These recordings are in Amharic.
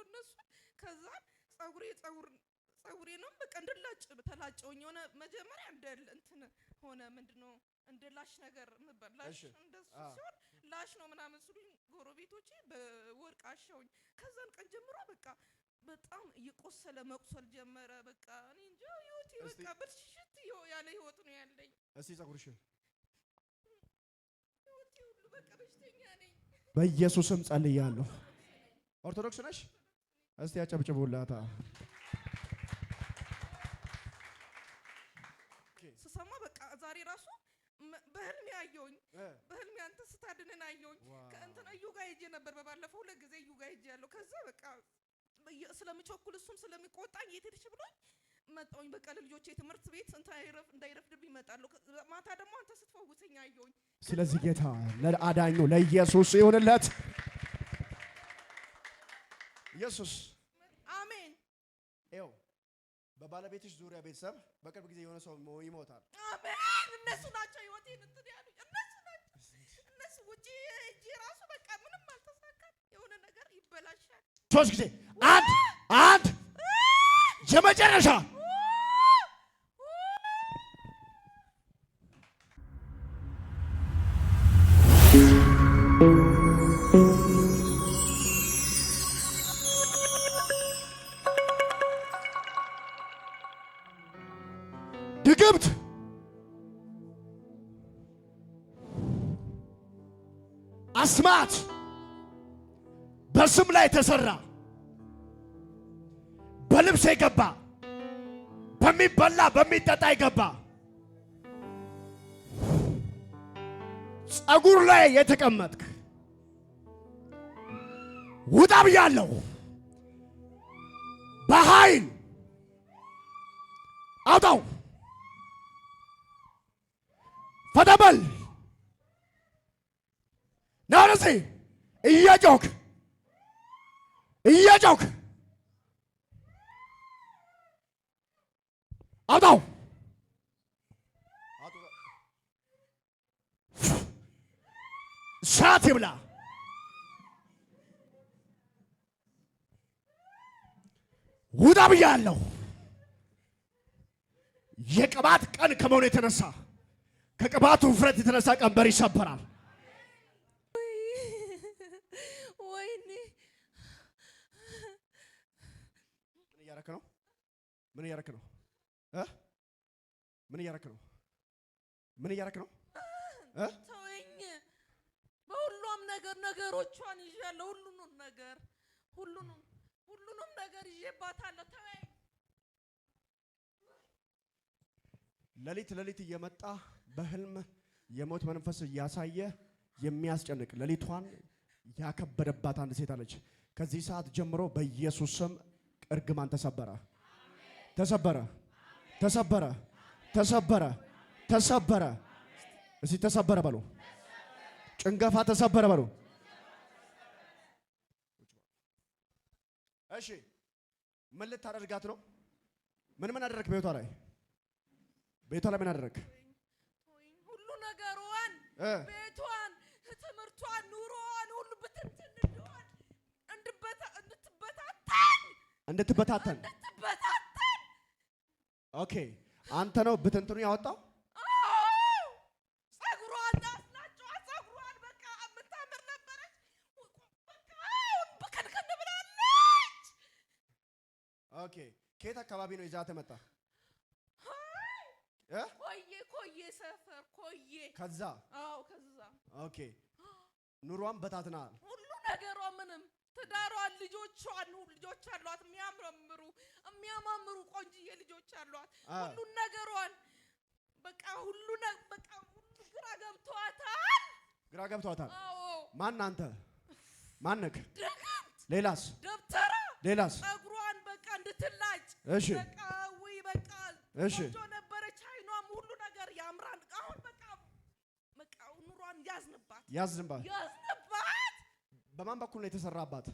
አሉ እነሱ። ከዛ ጸጉሬ ጸጉር ጸጉሬ ነው በቃ እንድላጭ ተላጨውኝ። የሆነ መጀመሪያ እንደል እንትን ሆነ ምንድነው እንደ ላሽ ነገር ምባል ላሽ እንደሱ ሲሆን ላሽ ነው ምናምን ሲሉኝ ጎረቤቶቼ በወርቅ አሻውኝ። ከዛን ቀን ጀምሮ በቃ በጣም እየቆሰለ መቁሰል ጀመረ። በቃ እኔ እንጃ ህይወቴ በቃ ብልሽት ያለ ህይወት ነው ያለኝ። እስቲ ጸጉርሽን ህይወቴ ሁሉ በቃ በሽተኛ ነኝ። በኢየሱስም ጸልያለሁ። ኦርቶዶክስ ነሽ? እስቲ ያጨብጭቡላታ። ስሰማ በቃ ዛሬ ራሱ በህልሜ ያየውኝ በህልሜ አንተ ስታድንን አየውኝ ከእንትን እዩ ጋር ሄጄ ነበር። በባለፈው ሁለት ጊዜ እዩ ጋር ሄጄ ያለው ከዛ በቃ ስለምቸኩል እሱም ስለሚቆጣኝ የት ሄድሽ ብሎኝ መጣሁኝ። በቃ ለልጆቼ የትምህርት ቤት እንዳይረፍድብኝ እመጣለሁ። ማታ ደግሞ አንተ ስትፈውሰኝ አየውኝ። ስለዚህ ጌታ ለአዳኙ ለኢየሱስ ይሁንለት። ኢየሱስ አሜን። ይኸው በባለቤትሽ ዙሪያ ቤተሰብ በቅርብ ጊዜ የሆነ ሰው ይሞታል። አሜን። እነሱ ናቸው ህይወቴን እንትን ያሉኝ እነሱ ናቸው። እነሱ ውጪ እጄ ራሱ በቃ ምንም አልተሳካም። የሆነ ነገር ይበላሻል። ሶስት ጊዜ አንድ አንድ የመጨረሻ በስም ላይ የተሰራ በልብስ የገባ በሚበላ በሚጠጣ የገባ ጸጉር ላይ የተቀመጥክ ውጣ ብያለሁ። በኃይል አውጣው፣ ፈተበል ናረሴ እየጮክ እየጮክ አውጣው እሳት ይብላ። ውጣ ብያለሁ። የቅባት ቀን ከመሆኑ የተነሳ ከቅባቱ ውፍረት የተነሳ ቀንበር ይሰበራል። ምን እያረክ ነው? ምን እያረክ ነው? ምን እያረክ ነው? ተወኝ። በሁሉም ነገር ነገሮቿን ይዣለሁ። ሁሉንም ነገር ሁሉንም ሁሉንም ነገር ይዤባታለሁ። ተወኝ። ሌሊት ሌሊት እየመጣ በህልም የሞት መንፈስ እያሳየ የሚያስጨንቅ ሌሊቷን ያከበደባት አንድ ሴት አለች። ከዚህ ሰዓት ጀምሮ በኢየሱስ ስም እርግማን ተሰበረ። ተሰበረ፣ ተሰበረ፣ ተሰበረ፣ ተሰበረ። እስቲ ተሰበረ በሉ። ጭንገፋ ተሰበረ በሉ። እሺ ምን ልታደርጋት ነው? ምን ምን አደረግ? ቤቷ ላይ ቤቷ ላይ ምን አደረግ? ሁሉ ነገሯን፣ ቤቷን፣ ትምህርቷን፣ ኑሮዋን ሁሉ ብትንትን እንድትበታተን እንድትበታተን ኦኬ አንተ ነው ብትንትኑ ያወጣው ከየት አካባቢ ነው ይዛት መጣ? ኮዬ ኮዬ ሰፈር ኮዬ። ከዛ አዎ፣ ከዛ ኦኬ። ኑሯን በታትናል። ሁሉ ነገሯ ምንም ትዳሯን፣ ልጆቿን፣ ልጆች አሏት የሚያምረምሩ የሚያማምሩ ቆንጅዬ ልጆች አሏት። ሁሉን ነገሯን በቃ ሁሉ በቃ ሁሉ ግራ ገብቷታል። ግራ ገብቷታል። ማን አንተ ማነክ? ድግምት። ሌላስ? ደብተራ። ሌላስ? ጸጉሯን በቃ እንድትላጭ። እሺ። በቃ ውይ፣ በቃ እሺ፣ ነበረች። አይኗም ሁሉ ነገር ያምራል። አሁን በቃ በቃ ኑሯን ያዝንባት፣ ያዝንባት፣ ያዝንባት። በማን በኩል ነው የተሰራባት?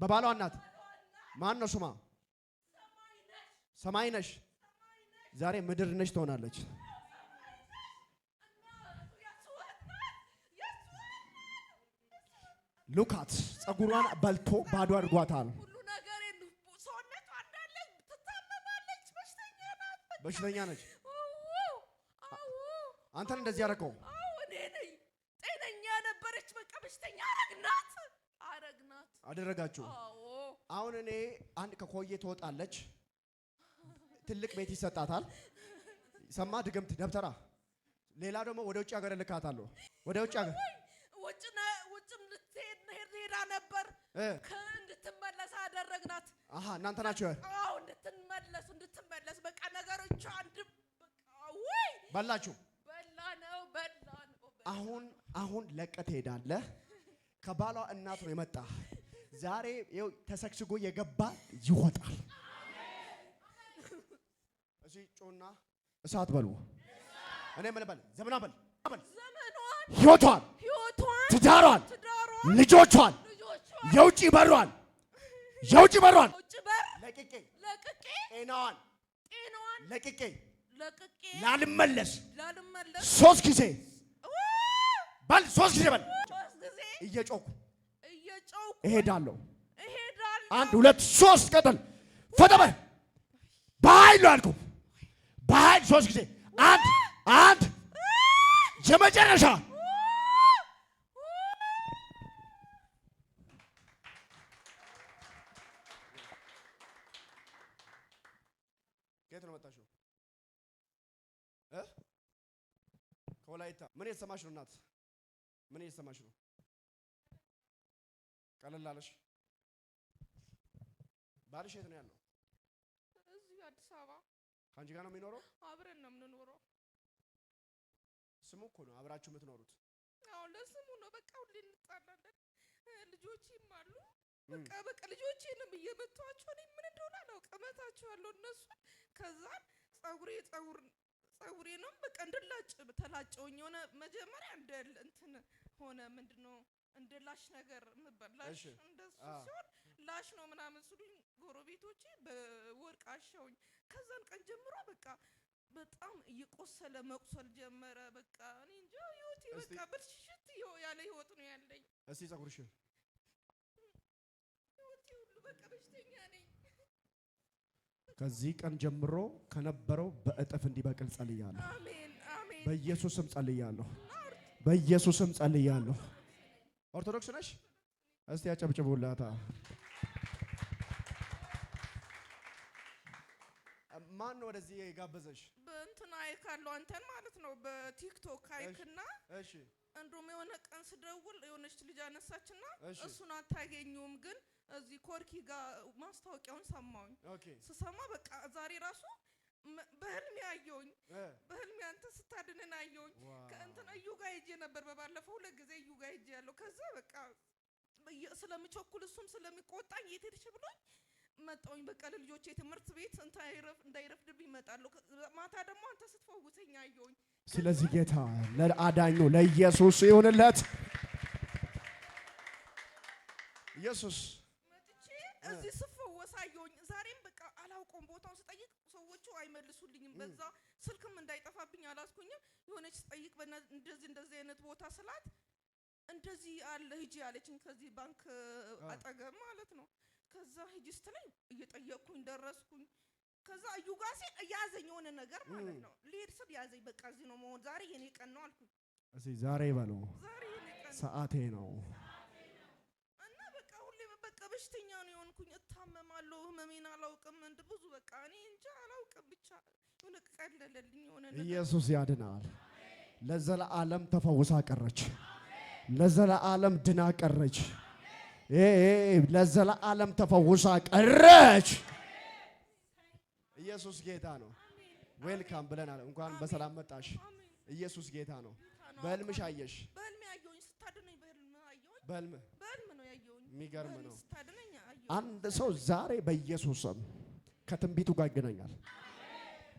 በባሏ እናት ማን ነው ስሟ? ሰማይ ነሽ። ዛሬ ምድር ነሽ ትሆናለች። ሉካት ጸጉሯን በልቶ ባዶ አድርጓታል። በሽተኛ ነች። አንተን እንደዚህ ያደረገው ጤነኛ ነበረች። በቃ በሽተኛ አረግናት አደረጋችሁ አሁን እኔ አንድ ከኮዬ ትወጣለች፣ ትልቅ ቤት ይሰጣታል። ሰማ ድግምት ደብተራ። ሌላ ደግሞ ወደ ውጭ ሀገር እልካታለሁ። ወደ ውጭ ሀገር ውጭም ሄዳ ነበር። እንድትመለስ አደረግናት። አሀ እናንተ ናቸው። አዎ እንድትመለስ እንድትመለስ በቃ ነገሮቹ አንድ ወይ በላችሁ በላ ነው በላ ነው። አሁን አሁን ለቀ ትሄዳለህ። ከባሏ እናት ነው የመጣ ዛሬ ይኸው ተሰግስጎ የገባ ይወጣል። እዚህ ጮና እሳት በሉ። እኔ ምን በል ዘመና በል ህይወቷን፣ ትዳሯን፣ ልጆቿን፣ የውጭ በሯን፣ የውጭ በሯን ለቅቄ ጤናዋን ለቅቄ ላልመለስ ሶስት ጊዜ በል ሶስት ጊዜ በል እየጮኩ እሄዳለሁ። አንድ ሁለት ሶስት ቀጠል ፈጠበ በኃይል ነው ያልኩህ። በኃይል ሶስት ጊዜ አንድ አንድ የመጨረሻ ከወላይታ ምን የተሰማሽ ነው እናት? ምን የተሰማሽ ነው? ቀለል አለሽ። ባልሽ የት ነው ያለው? እዚህ አዲስ አበባ። ከአንቺ ጋር ነው የሚኖረው? አብረን ነው የምንኖረው። ስሙ እኮ ነው አብራችሁ የምትኖሩት። አዎ፣ ለስሙ ነው በቃ ሁሌ እንጣላለን። ልጆችም አሉ በቃ በቃ ልጆቼንም እየመቷቸው እኔ ምን እንደሆነ አላውቅም። እመታቸዋለሁ እነሱን ከዛ ጸጉሬ ጸጉር ጸጉሬንም በቃ እንድላጭ ተላጨውኝ የሆነ መጀመሪያ እንደ እንትን ሆነ ምንድን ነው እንደ ላሽ ነገር ነበር። ላሽ እንደሱ ሲሆን ላሽ ነው ምናምን ስሉኝ ጎረቤቶቼ በወርቅ አሻውኝ። ከዛን ቀን ጀምሮ በቃ በጣም እየቆሰለ መቁሰል ጀመረ። በቃ እኔ እንጃ ህይወቴ በቃ ብልሽሽት ያለ ህይወት ነው ያለኝ። እስቲ ጸጉርሽን ህይወቴ ሁሉ በቃ በሽተኛ ነኝ። ከዚህ ቀን ጀምሮ ከነበረው በእጥፍ እንዲበቅል ጸልያለሁ። አሜን አሜን። በኢየሱስም ጸልያለሁ። በኢየሱስም ጸልያለሁ። ኦርቶዶክስ ነሽ? እስቲ ያጨብጭቡላታ። ማን ነው ወደዚህ የጋበዘሽ? በእንትን አይክ አንተን ማለት ነው። በቲክቶክ አይክና እሺ የሆነ ቀን ስደውል የሆነች ልጅ አነሳችና እሱን አታገኙም ግን እዚህ ኮርኪ ጋር ማስታወቂያውን ሰማውኝ ስሰማ በቃ ዛሬ ራሱ በህልሜ አየሁኝ። በህልሜ አንተ ስታድንን አየውኝ። እዩ ጋር ሄጄ ነበር በባለፈው ሁለት ጊዜ እዩ ጋር ሄጄ ያለው ከዛ በቃ ስለሚቸኩል እሱም ስለሚቆጣኝ የት ሄድሽ ብሎኝ መጣውኝ በቃ ለልጆች የትምህርት ቤት እንዳይረፍድብኝ እመጣለሁ። ማታ ደግሞ አንተ ስትፈውሰኝ አየውኝ። ስለዚህ ጌታ ለአዳኙ ለኢየሱስ ይሁንለት። ኢየሱስ መጥቼ እዚህ ስጠይቃቸው አይመልሱልኝም። በዛ ስልክም እንዳይጠፋብኝ አላስኩኝም። የሆነች ስጠይቅ እንደዚህ እንደዚህ አይነት ቦታ ስላት እንደዚህ አለ ሂጂ አለችኝ። ከዚህ ባንክ አጠገብ ማለት ነው። ከዛ ሂጂ ስትለኝ እየጠየቅኩኝ ደረስኩኝ። ከዛ እዩ ጋ የሆነ ነገር ማለት ነው። ልሄድ ስል ያዘኝ። በቃ እዚህ ነው መሆን ዛሬ የኔ ቀን ነው አልኩኝ። ዛሬ በለው ሰዓቴ ነው በሽተኛ ነው የሆንኩኝ። እታመማለሁ፣ ህመሜን አላውቅም። እንደ ብዙ በቃ እኔ እንጃ አላውቅም። ብቻ የሆነ ቀለለልኝ የሆነ ኢየሱስ ያድናል። ለዘለዓለም ተፈውሳ ቀረች። ለዘለዓለም ድና ቀረች። ለዘለዓለም ተፈውሳ ቀረች። ኢየሱስ ጌታ ነው። ዌልካም ብለናል። እንኳን በሰላም መጣሽ። ኢየሱስ ጌታ ነው። በህልምሽ አየሽ። በህልሜ አየሁኝ። ስታድነኝ በህልም አየሁኝ። በህልም የሚገርም ነው። አንድ ሰው ዛሬ በኢየሱስ ስም ከትንቢቱ ጋር ይገናኛል፣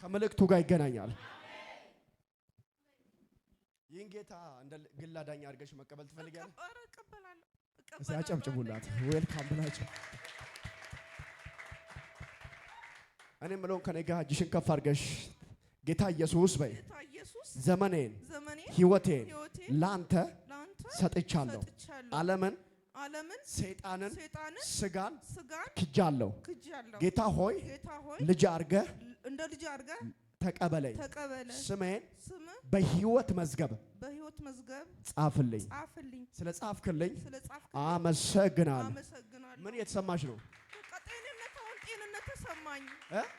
ከመልእክቱ ጋር ይገናኛል። ይህን ጌታ እንደ ግል አዳኝ አድርገሽ መቀበል ትፈልጊያለሽ? እዛ ጨብጭቡላት፣ ዌልካም ብላቸው። እኔ የምለውን ከኔ ጋር እጅሽን ከፍ አድርገሽ ጌታ ኢየሱስ በይ፣ ዘመኔን ህይወቴን ለአንተ ሰጥቻለሁ ዓለምን ዓለምን ሰይጣንን ስጋን ክጃለሁ። ጌታ ሆይ ልጅ አድርገህ እንደ ልጅ አድርገህ ተቀበለኝ ስሜን በህይወት መዝገብ ጻፍልኝ። ስለ ጻፍክልኝ አመሰግናለሁ። ምን የተሰማሽ ነው? ጤንነት ተሰማኝ።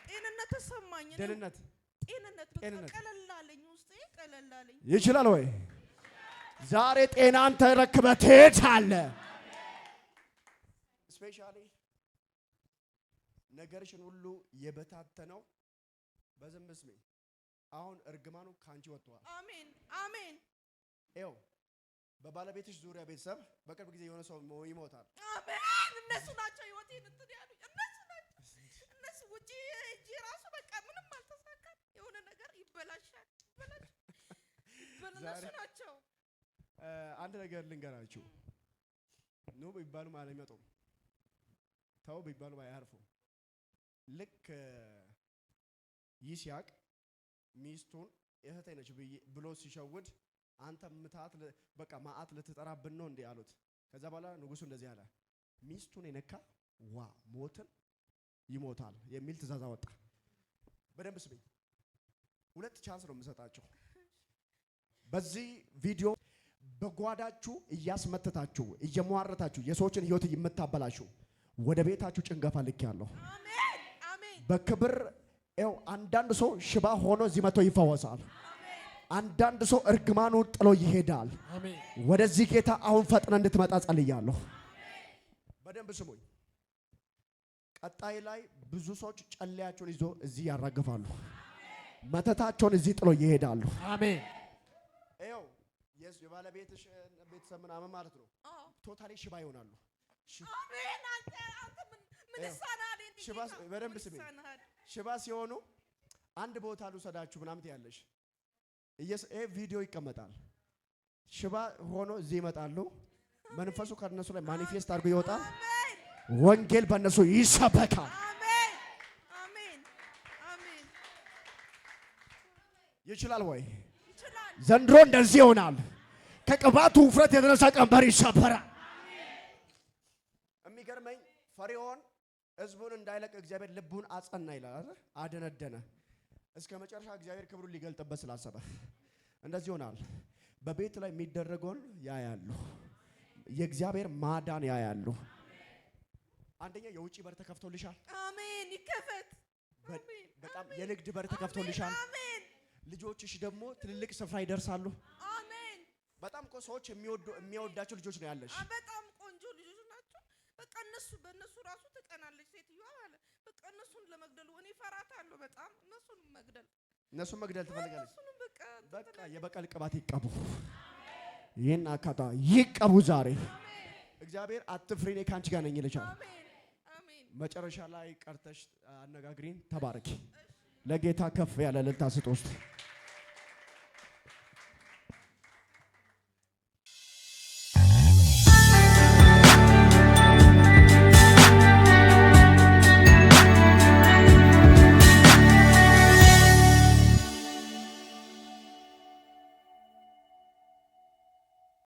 ጤንነት ተሰማኝ። ጤንነት ይችላል ወይ? ዛሬ ጤናን ተረክበህ አለ። ስፔሻሊ ነገርሽን ሁሉ የበታተነው በዝም ስሜ አሁን እርግማኑ ከአንቺ ወጥቷል። አሜን አሜን። ይኸው በባለቤትሽ ዙሪያ ቤተሰብ በቅርብ ጊዜ የሆነ ሰው ይሞታል። አሜን። እነሱ ናቸው ህይወቴን እንትን ያሉኝ እነሱ ናቸው። እነሱ ውጪ እጄ ራሱ በቃ ምንም አልተሳካም። የሆነ ነገር ይበላሻል ይበላሻል። እነሱ ናቸው። አንድ ነገር ልንገራችሁ፣ ኑ ቢባሉም አልመጡም። ተው ቢባሉ አያርፉ። ልክ ይስያቅ ሚስቱን እህቴ ነች ብሎ ሲሸውድ አንተ ምታት በቃ ማአት ልትጠራብን ነው እንዴ አሉት። ከዛ በኋላ ንጉሱ እንደዚህ አለ፣ ሚስቱን የነካ ዋ ሞትን ይሞታል የሚል ትእዛዝ አወጣ። በደንብ ስሜኝ። ሁለት ቻንስ ነው የምሰጣችሁ በዚህ ቪዲዮ። በጓዳችሁ እያስመተታችሁ እየሟረታችሁ የሰዎችን ህይወት የምታበላችሁ ወደ ቤታችሁ ጭንገፋ ልክ ያለው በክብር ው አንዳንድ ሰው ሽባ ሆኖ እዚህ መቶ ይፈወሳል። አንዳንድ ሰው እርግማኑ ጥሎ ይሄዳል። ወደዚህ ጌታ አሁን ፈጥነ እንድትመጣ ጸልያለሁ። በደንብ ስሙኝ። ቀጣይ ላይ ብዙ ሰዎች ጨለያቸውን ይዞ እዚህ ያራግፋሉ። መተታቸውን እዚህ ጥሎ ይሄዳሉ። አሜን። ይኸው የባለቤትሽ ቤተሰብ ምናምን ማለት ነው። ቶታሊ ሽባ ይሆናሉ። በደንብ ስሜ ሽባ ሲሆኑ አንድ ቦታ ልውሰዳችሁ ምናምን ያለሽ ይሄ ቪዲዮ ይቀመጣል። ሽባ ሆኖ እዚህ ይመጣሉ። መንፈሱ ከነሱ ላይ ማኒፌስት አድርጎ ይወጣል። ወንጌል በእነሱ ይሰበካል። ይችላል ወይ? ዘንድሮ እንደዚህ ይሆናል። ከቅባቱ ውፍረት የተነሳ ቀንበር ይሰበራል። የሚገርመኝ ፈሪዖን ህዝቡን እንዳይለቅ እግዚአብሔር ልቡን አጸና ይላል፣ አደነደነ። እስከ መጨረሻ እግዚአብሔር ክብሩን ሊገልጥበት ስላሰበ እንደዚህ ይሆናል። በቤት ላይ የሚደረገውን ያያሉ፣ የእግዚአብሔር ማዳን ያያሉ። አንደኛ የውጭ በር ተከፍቶልሻል። አሜን። ይከፈት። በጣም የንግድ በር ተከፍቶልሻል። ልጆችሽ ደግሞ ትልልቅ ስፍራ ይደርሳሉ። አሜን። በጣም እኮ ሰዎች የሚወዳቸው ልጆች ነው ያለሽ። እነሱ በእነሱ ራሱ ትቀናለች ሴትዮዋ አለ። በቃ እነሱን ለመግደል እኔ እፈራታለሁ በጣም እነሱን መግደል እነሱን መግደል ትፈልጋለች። በቃ የበቀል ቅባት ይቀቡ፣ ይህን አካታ ይቀቡ። ዛሬ እግዚአብሔር አትፍሪ፣ እኔ ከአንቺ ጋር ነኝ ይልሻል። መጨረሻ ላይ ቀርተሽ አነጋግሪን። ተባረኪ። ለጌታ ከፍ ያለ እልልታ ስጥ ውስጥ